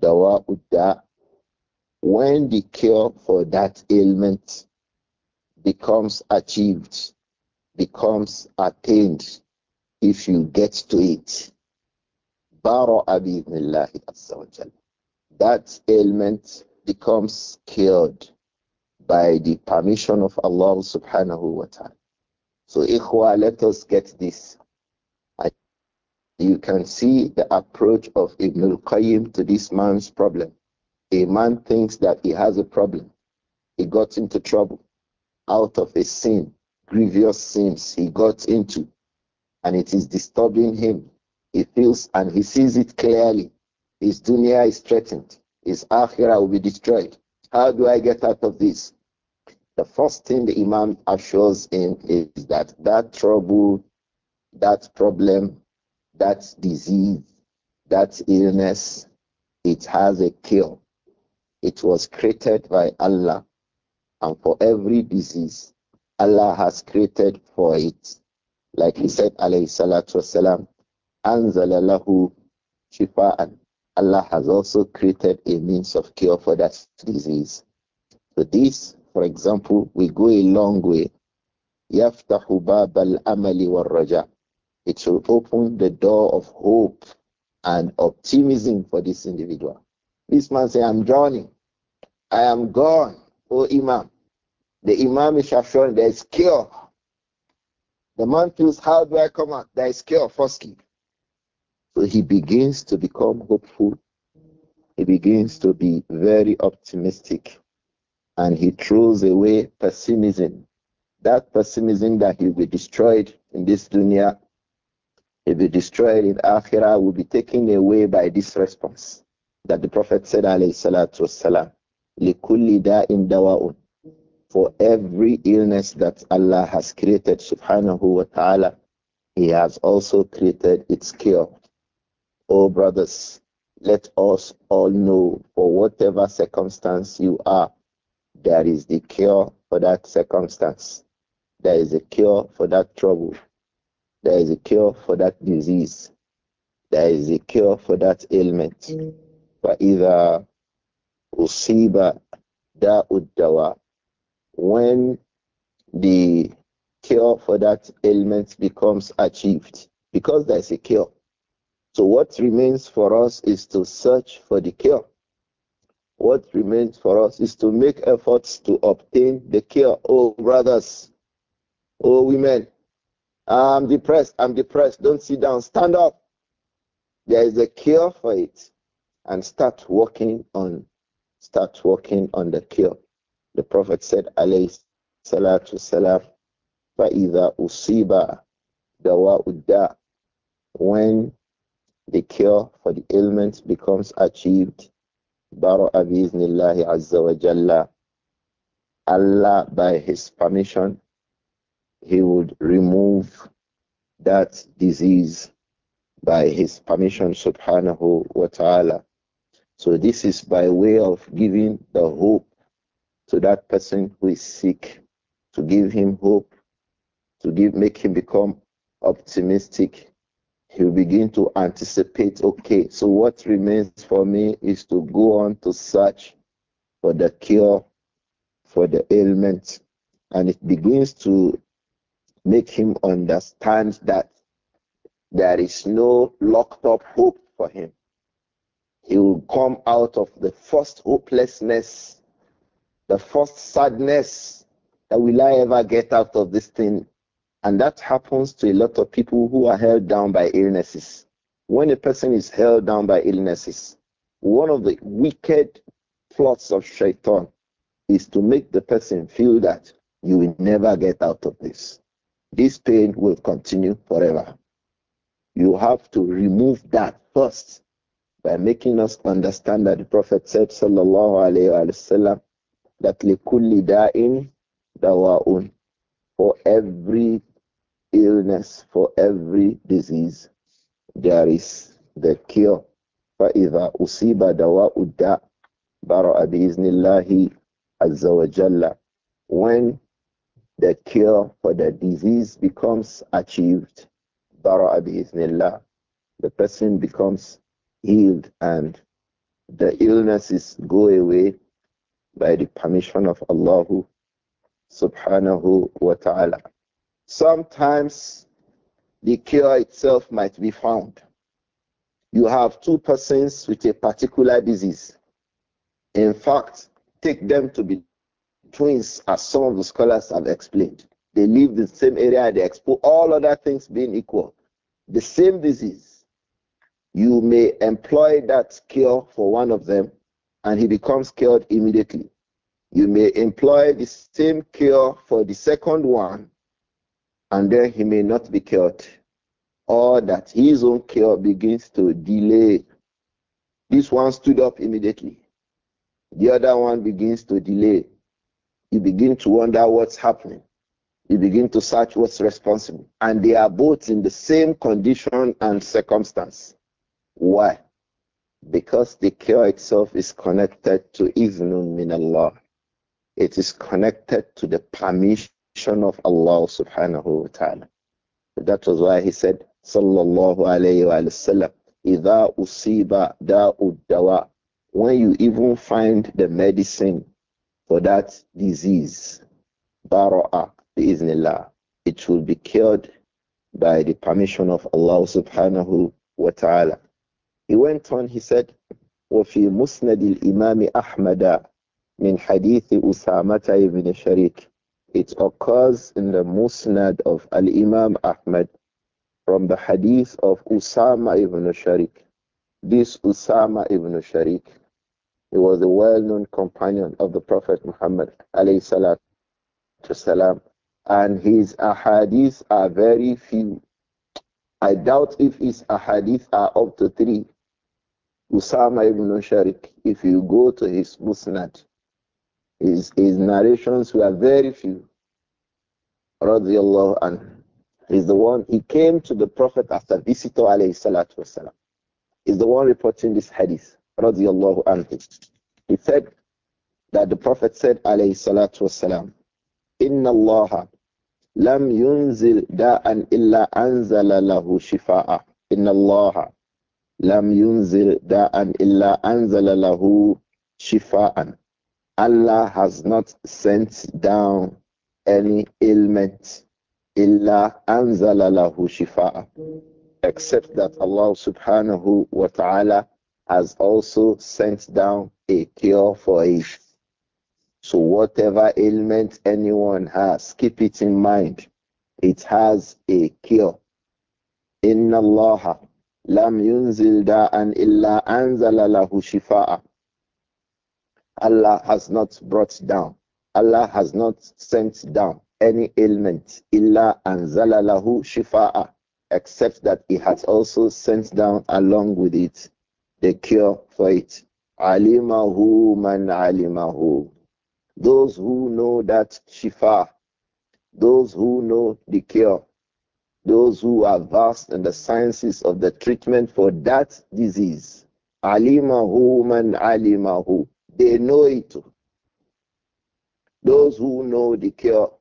دَوَاءُ الدَّاء When the cure for that ailment becomes achieved, becomes attained, if you get to it, بَرَأَ بِإِذْنِ اللَّهِ That ailment becomes cured by the permission of Allah subhanahu wa ta'ala. So, ikhwa, let us get this you can see the approach of Ibn al-Qayyim to this man's problem. A man thinks that he has a problem. He got into trouble out of a sin, grievous sins he got into, and it is disturbing him. He feels and he sees it clearly. His dunya is threatened. His akhirah will be destroyed. How do I get out of this? The first thing the Imam assures him is that that trouble, that problem that disease, that illness, it has a cure. It was created by Allah. And for every disease, Allah has created for it. Like he said, alayhi salatu wasalam, anzalalahu shifa'an. Allah has also created a means of cure for that disease. So this, for example, we go a long way. يَفْتَحُ بَابَ الْأَمَلِ وَالرَّجَاءِ it will open the door of hope and optimism for this individual. This man say, I'm drowning. I am gone, O Imam. The Imam is showing there is cure. The man feels, how do I come out? There is cure, firstly. So he begins to become hopeful. He begins to be very optimistic. And he throws away pessimism. That pessimism that he will be destroyed in this dunya will be destroyed in Akhirah, will be taken away by this response that the Prophet said, alayhi salatu wasalam, For every illness that Allah has created, subhanahu wa ta'ala, He has also created its cure. Oh, brothers, let us all know for whatever circumstance you are, there is the cure for that circumstance. There is a cure for that trouble. There is a cure for that disease. There is a cure for that ailment. وَإِذَا أُصِيبَ دَاءُ الدَّوَى When the cure for that ailment becomes achieved, because there is a cure. So what remains for us is to search for the cure. What remains for us is to make efforts to obtain the cure. Oh, brothers, oh, women, I'm depressed. I'm depressed. Don't sit down. Stand up. There is a cure for it. And start working on start working on the cure. The Prophet said, alayhi salatu salam, فَإِذَا Dawa Udda. When the cure for the ailment becomes achieved, بَرَأَ بِإِذْنِ azza wa jalla, Allah, by His permission, he would remove that disease by his permission subhanahu wa ta'ala. So this is by way of giving the hope to that person who is sick, to give him hope, to give make him become optimistic. He'll begin to anticipate, okay, so what remains for me is to go on to search for the cure for the ailment. And it begins to Make him understand that there is no locked up hope for him. He will come out of the first hopelessness, the first sadness that will I ever get out of this thing. And that happens to a lot of people who are held down by illnesses. When a person is held down by illnesses, one of the wicked plots of shaitan is to make the person feel that you will never get out of this. This pain will continue forever. You have to remove that first by making us understand that the Prophet said, Sallallahu Alaihi Wasallam, that likulli da'in dawa'un. For every illness, for every disease, there is the cure. فإذا أصيب دواء الداء برأ بإذن الله عز وجل. When the cure for the disease becomes achieved. The person becomes healed and the illnesses go away by the permission of Allah subhanahu wa ta'ala. Sometimes the cure itself might be found. You have two persons with a particular disease. In fact, take them to be twins, as some of the scholars have explained. They live in the same area, they expose all other things being equal. The same disease. You may employ that cure for one of them and he becomes cured immediately. You may employ the same cure for the second one and then he may not be cured, or that his own cure begins to delay. This one stood up immediately, the other one begins to delay you begin to wonder what's happening. You begin to search what's responsible. And they are both in the same condition and circumstance. Why? Because the cure itself is connected to Iznun min Allah. It is connected to the permission of Allah subhanahu wa ta'ala. That was why he said, Sallallahu alayhi wa sallam, Ida usiba da'ud dawa. When you even find the medicine for that disease. Bara'a bi'iznillah. It will be cured by the permission of Allah subhanahu wa ta'ala. He went on, he said, وفي مسند الإمام أحمد من حديث أسامة بن شريك It occurs in the musnad of Al-Imam Ahmad from the hadith of Usama ibn Sharik. This Usama ibn Sharik he was a well-known companion of the Prophet Muhammad salam, and his ahadith are very few. I doubt if his ahadith are up to three. Usama ibn Sharik, if you go to his musnad, his, his narrations were very few. Radiallahu anhu. He's the one, he came to the Prophet as a visitor, alayhi salatu wasalam. He's the one reporting this hadith radiallahu anhu. He said that the Prophet said, alayhi salatu wasalam, Inna Allah lam yunzil da'an illa anzala lahu shifa'a. Inna Allah lam yunzil da'an illa anzala lahu shifa'an. Allah has not sent down any ailment illa anzala lahu shifa'a. Except that Allah subhanahu wa ta'ala has also sent down a cure for it. So, whatever ailment anyone has, keep it in mind. It has a cure. Inna Allah lam yunzil da'an illa anzala lahu shifa'a. Allah has not brought down. Allah has not sent down any ailment illa anzala lahu shifa'a except that he has also sent down along with it the cure for it. Alimahu man alimahu. Those who know that shifa, those who know the cure, those who are versed in the sciences of the treatment for that disease. Alimahu man alimahu. They know it. Those who know the cure,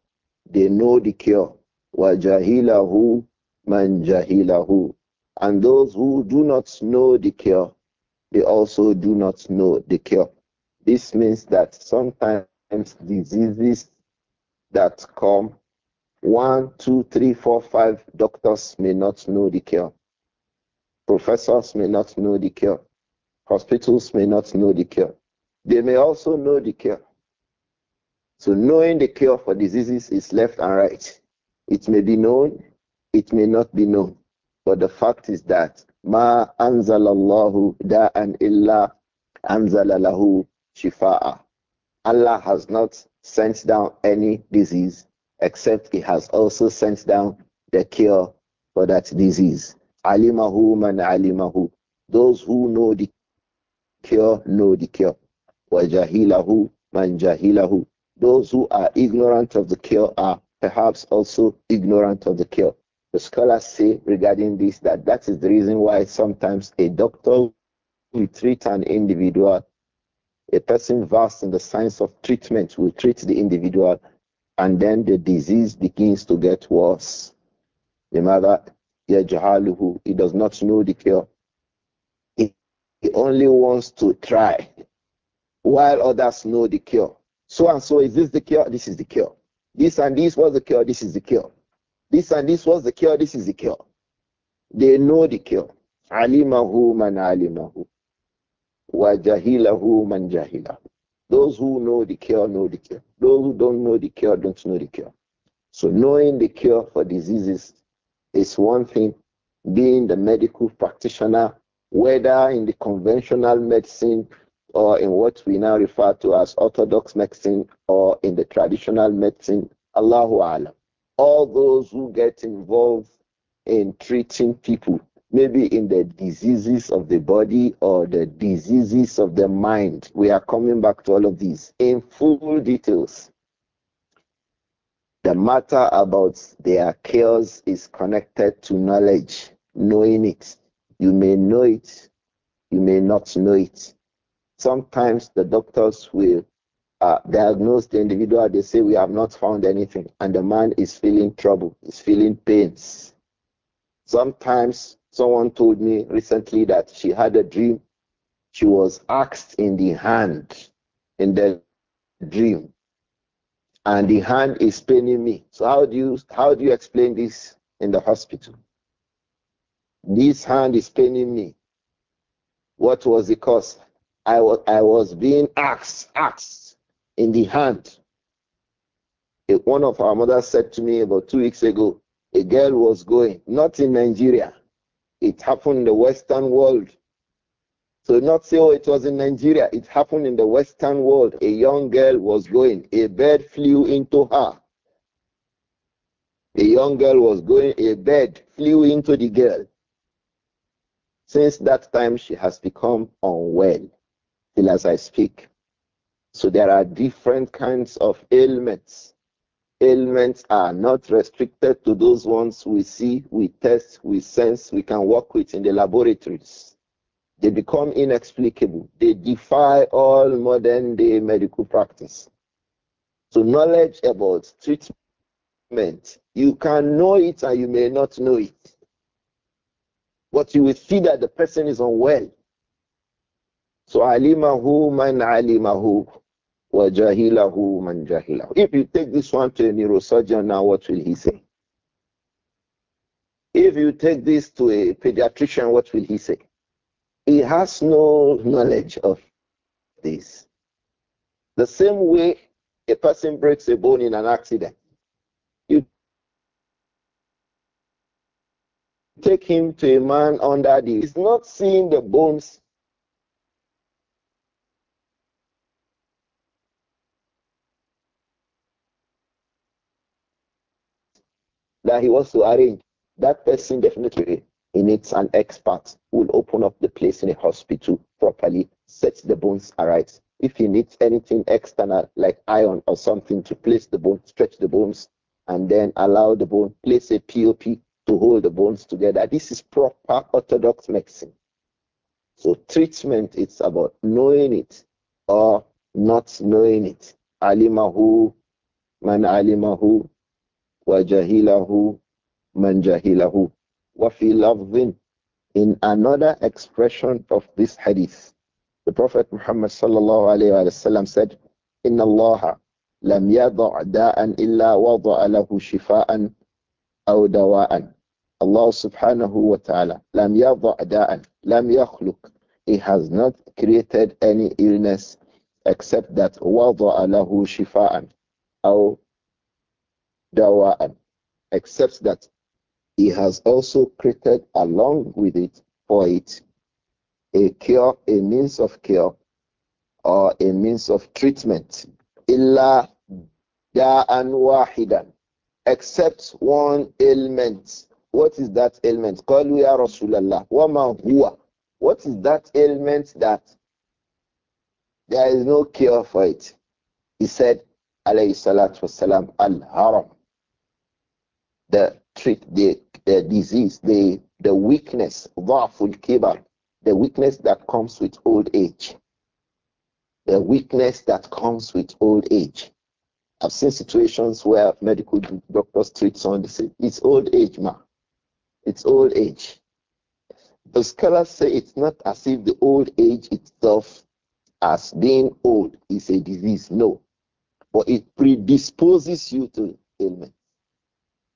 they know the cure. jahilahu man jahilahu. And those who do not know the cure, they also do not know the cure. This means that sometimes diseases that come, one, two, three, four, five doctors may not know the cure. Professors may not know the cure. Hospitals may not know the cure. They may also know the cure. So knowing the cure for diseases is left and right. It may be known, it may not be known. But the fact is that أنزل الله da'an illa أنزل lahu shifa'a. Allah has not sent down any disease except he has also sent down the cure for that disease. Alimahu man alimahu. Those who know the cure know the cure. Wajahilahu من jahilahu. Those who are ignorant of the cure are perhaps also ignorant of the cure. The scholars say regarding this that that is the reason why sometimes a doctor will treat an individual, a person versed in the science of treatment will treat the individual, and then the disease begins to get worse. The mother, Yajahaluhu, he does not know the cure. He, he only wants to try, while others know the cure. So and so, is this the cure? This is the cure. This and this was the cure. This is the cure. This and this was the cure, this is the cure. They know the cure. Alimahu man alimahu. Wa jahilahu man jahilahu. Those who know the cure know the cure. Those who don't know the cure don't know the cure. So knowing the cure for diseases is one thing. Being the medical practitioner, whether in the conventional medicine or in what we now refer to as orthodox medicine or in the traditional medicine, Allahu Alam all those who get involved in treating people, maybe in the diseases of the body or the diseases of the mind. We are coming back to all of these in full details. The matter about their chaos is connected to knowledge, knowing it. You may know it, you may not know it. Sometimes the doctors will uh, diagnose the individual, they say, We have not found anything. And the man is feeling trouble, is feeling pains. Sometimes someone told me recently that she had a dream. She was axed in the hand in the dream. And the hand is paining me. So how do you how do you explain this in the hospital? This hand is paining me. What was the cause? I was I was being axed, axed in the hand. One of our mothers said to me about two weeks ago, a girl was going, not in Nigeria. It happened in the Western world. So not say, oh, it was in Nigeria. It happened in the Western world. A young girl was going. A bird flew into her. A young girl was going. A bird flew into the girl. Since that time, she has become unwell. Till as I speak, so there are different kinds of ailments. Ailments are not restricted to those ones we see, we test, we sense, we can work with in the laboratories. They become inexplicable. They defy all modern day medical practice. So, knowledge about treatment, you can know it and you may not know it. But you will see that the person is unwell. So, alimahu man alimahu. If you take this one to a neurosurgeon now, what will he say? If you take this to a pediatrician, what will he say? He has no knowledge of this. The same way a person breaks a bone in an accident, you take him to a man under the, he's not seeing the bones that he wants to arrange, that person definitely he needs an expert who will open up the place in a hospital properly, set the bones aright. If he needs anything external like iron or something to place the bone, stretch the bones, and then allow the bone, place a POP to hold the bones together. This is proper orthodox medicine. So treatment it's about knowing it or not knowing it. Alimahu man alimahu وجهله من جهله وفي لفظ in another expression of this hadith the prophet muhammad sallallahu alaihi wa sallam said inna allah lam yadh da'an illa wada'a lahu shifaan aw dawaan allah subhanahu wa ta'ala lam yadh da'an lam yakhluq he has not created any illness except that wada'a lahu shifaan aw Dawa accepts that he has also created along with it, for it, a cure, a means of cure, or a means of treatment. Illa da'an wahidan, except one ailment. What is that ailment? Qalu ya Rasulallah, wama huwa. What is that ailment that there is no cure for it? He said, alayhi salatu wasalam, al-haram the treat the, the disease, the the weakness, the weakness that comes with old age. The weakness that comes with old age. I've seen situations where medical doctors treat someone, they say, it's old age, ma. It's old age. The scholars say it's not as if the old age itself, as being old, is a disease. No. But it predisposes you to ailment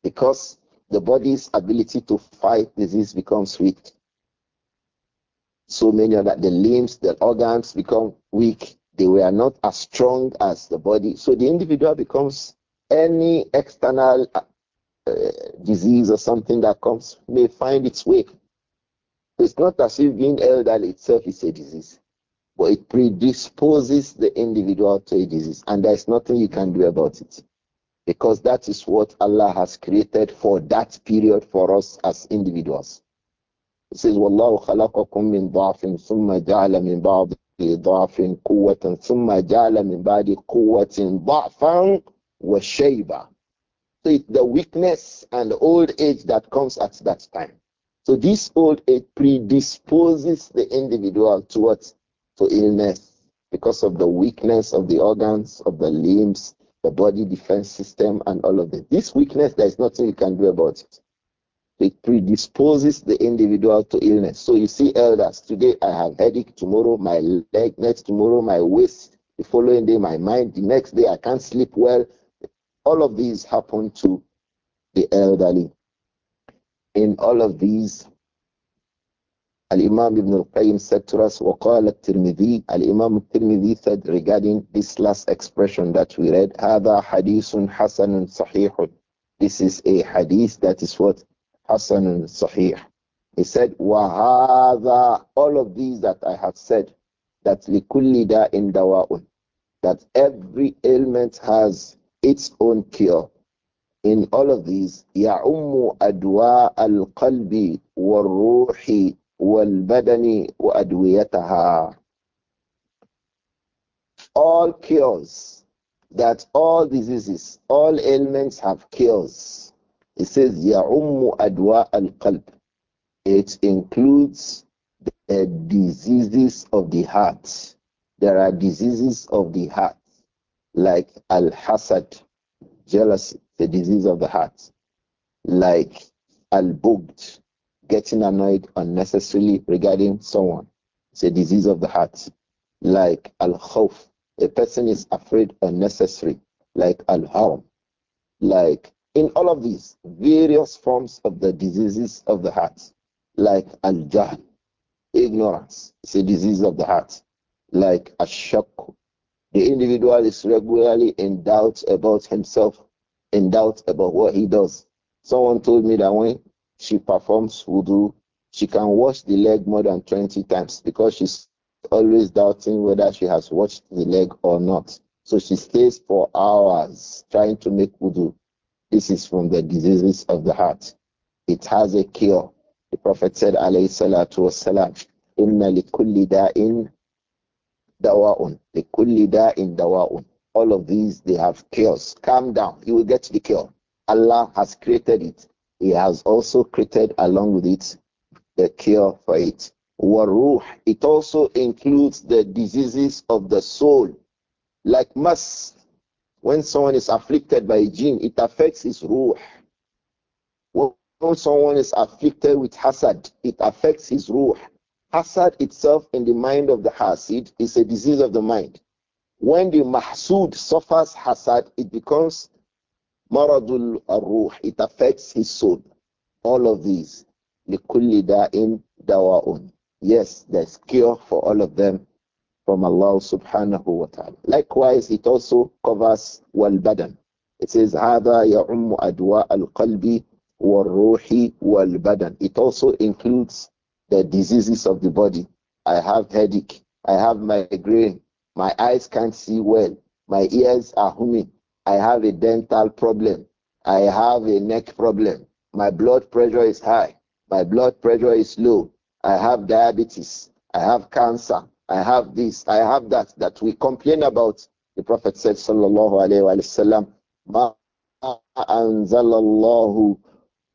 because the body's ability to fight disease becomes weak. So many that the limbs, the organs become weak. They were not as strong as the body. So the individual becomes any external uh, uh, disease or something that comes may find its way. It's not as if being elderly itself is a disease, but it predisposes the individual to a disease, and there's nothing you can do about it because that is what Allah has created for that period for us as individuals. It says, وَاللَّهُ خَلَقَكُم مِّن ضَعْفٍ ثُمَّ جَعَلَ مِن بَعْضِ ضَعْفٍ قُوَّةً ثُمَّ جَعَلَ مِن بَعْدِ قُوَّةٍ ضَعْفًا وَشَيْبًا So it's the weakness and old age that comes at that time. So this old age predisposes the individual towards to illness because of the weakness of the organs, of the limbs, the body defense system, and all of that. This weakness, there is nothing you can do about it. It predisposes the individual to illness. So you see, elders, today I have headache, tomorrow my leg, next tomorrow my waist, the following day my mind, the next day I can't sleep well. All of these happen to the elderly. In all of these, Al-Imam Ibn al-Qayyim said to us, وَقَالَ التِّرْمِذِي Al-Imam al-Tirmidhi said regarding this last expression that we read, هَذَا حَدِيثٌ حَسَنٌ صَحِيحٌ This is a hadith that is what? حَسَنٌ صَحِيحٌ He said, وَهَذَا All of these that I have said, that لِكُلِّ دَاءٍ دَوَاءٌ That every ailment has its own cure. In all of these, يَعُمُّ أَدْوَاءَ الْقَلْبِ وَالرُّوحِ والبدن وأدويتها all cures that all diseases all ailments have cures it says يعم أدواء القلب it includes the diseases of the heart there are diseases of the heart like al-hasad jealousy the disease of the heart like al-bughd getting annoyed unnecessarily regarding someone. It's a disease of the heart, like al khawf. A person is afraid unnecessarily, like al harm. Like in all of these various forms of the diseases of the heart, like al jahl, ignorance. It's a disease of the heart, like al shock. The individual is regularly in doubt about himself, in doubt about what he does. Someone told me that when she performs wudu, she can wash the leg more than 20 times because she's always doubting whether she has washed the leg or not. So she stays for hours trying to make wudu. This is from the diseases of the heart. It has a cure. The Prophet said, alayhi salatu wasalam, inna kulli da'in dawa'un. kulli da'in dawa'un. All of these, they have cures. Calm down. You will get the cure. Allah has created it. He has also created along with it the cure for it. Waruh, it also includes the diseases of the soul, like mas. When someone is afflicted by a jinn, it affects his ruh. When someone is afflicted with hasad, it affects his ruh. Hasad itself in the mind of the hasid is a disease of the mind. When the mahsud suffers hasad, it becomes Maradul Ruh, it affects his soul. All of these. لِكُلِّ in dawaun. Yes, there's cure for all of them from Allah subhanahu wa ta'ala. Likewise, it also covers wal-badan. It says, هَذَا يَعُمُّ أَدْوَاءَ الْقَلْبِ وَالْرُوحِ وَالْبَدَنِ It also includes the diseases of the body. I have headache. I have migraine. My eyes can't see well. My ears are humming. I have a dental problem. I have a neck problem. My blood pressure is high. My blood pressure is low. I have diabetes. I have cancer. I have this. I have that. That we complain about. The Prophet said, Sallallahu Alaihi Wasallam, Ma anzalallahu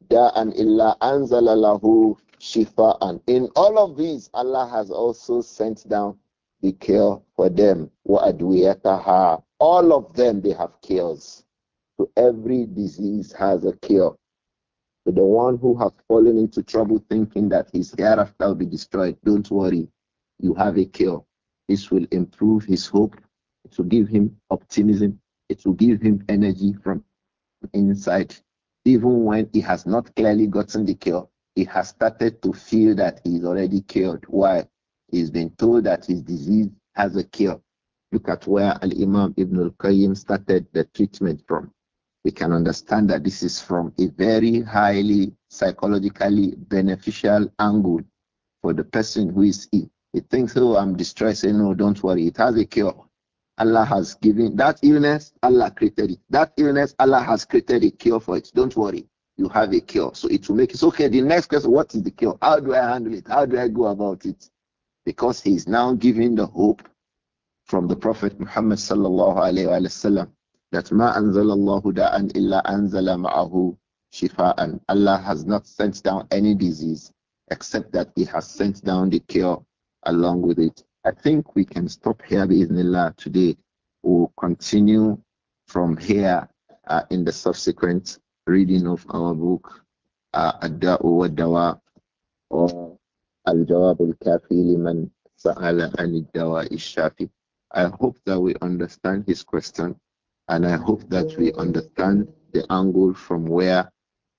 da'an illa anzalalahu shifa'an. In all of these, Allah has also sent down the cure for them. Wa adwiyataha all of them, they have cures. So every disease has a cure. So the one who has fallen into trouble thinking that his hereafter will be destroyed, don't worry. You have a cure. This will improve his hope. It will give him optimism. It will give him energy from inside. Even when he has not clearly gotten the cure, he has started to feel that he is already cured. Why? He's been told that his disease has a cure. Look at where Al Imam Ibn al Qayyim started the treatment from. We can understand that this is from a very highly psychologically beneficial angle for the person who is ill. He thinks, oh, I'm distressed. no, don't worry. It has a cure. Allah has given that illness, Allah created it. That illness, Allah has created a cure for it. Don't worry. You have a cure. So it will make it okay. The next question, what is the cure? How do I handle it? How do I go about it? Because he is now giving the hope from the Prophet Muhammad sallallahu alayhi wa sallam that ma anzalallahu da'an illa anzala ma'ahu shifa'an. Allah has not sent down any disease except that He has sent down the cure along with it. I think we can stop here, bi'idhnillah, today. We'll continue from here uh, in the subsequent reading of our book, uh, Ad-Da'u wa or Al-Jawab al-Kafi liman sa'ala an shafi I hope that we understand his question, and I hope that we understand the angle from where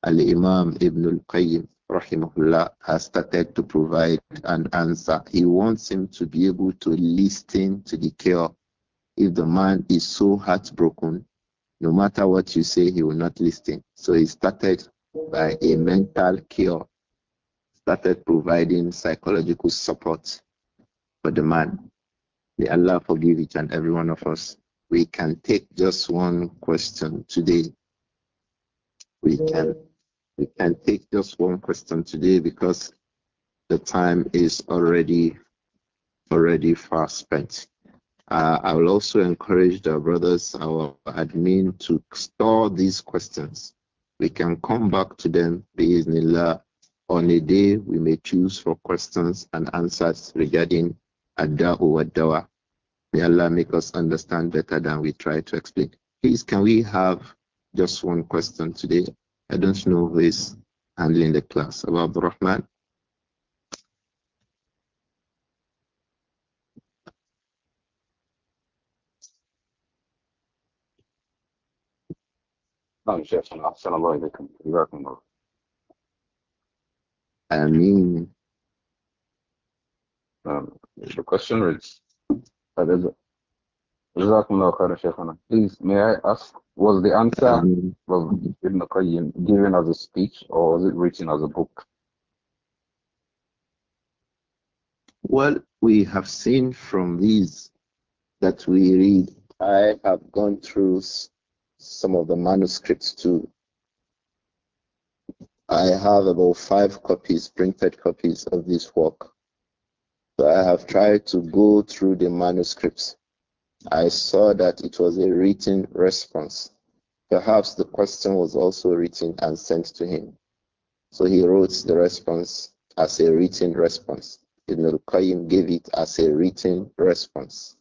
Al Imam Ibn Al Qayyim rahimahullah has started to provide an answer. He wants him to be able to listen to the cure. If the man is so heartbroken, no matter what you say, he will not listen. So he started by a mental cure, started providing psychological support for the man. May Allah forgive each and every one of us. We can take just one question today. We can we can take just one question today because the time is already already far spent. Uh, I will also encourage our brothers, our admin, to store these questions. We can come back to them, Bismillah, on a day we may choose for questions and answers regarding Adda'u wa dawa. May Allah make us understand better than we try to explain. Please, can we have just one question today? I don't know who is handling the class. Abu Abdurrahman. نعم شيخنا أحسن الله um, the question reads, Please, may I ask, was the answer um, Ibn Qayyim given as a speech or was it written as a book? Well, we have seen from these that we read. I have gone through some of the manuscripts too. I have about five copies, printed copies of this work. So I have tried to go through the manuscripts. I saw that it was a written response. Perhaps the question was also written and sent to him. So he wrote the response as a written response. Ibn al-Qayyim gave it as a written response.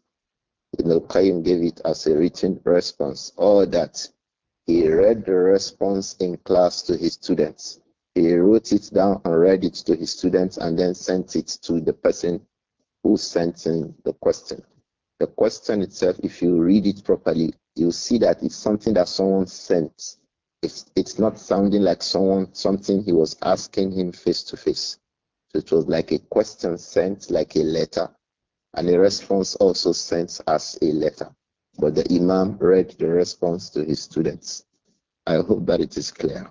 Ibn al-Qayyim gave it as a written response. Or that he read the response in class to his students. He wrote it down and read it to his students and then sent it to the person who sent in the question. The question itself, if you read it properly, you see that it's something that someone sent. It's, it's not sounding like someone something he was asking him face to face. So it was like a question sent like a letter, and a response also sent as a letter. But the Imam read the response to his students. I hope that it is clear.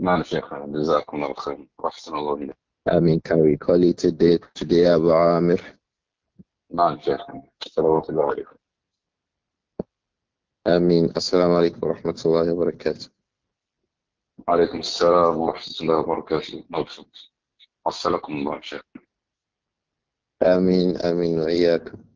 نعم شيخنا جزاكم الله خير واحسن الله اليك I mean, can we call it a day today, Abu Amir? نعم شيخنا صلوات الله عليكم آمين السلام عليكم ورحمة الله وبركاته وعليكم السلام ورحمة الله وبركاته مبسوط عسلكم الله شيخنا آمين آمين وإياكم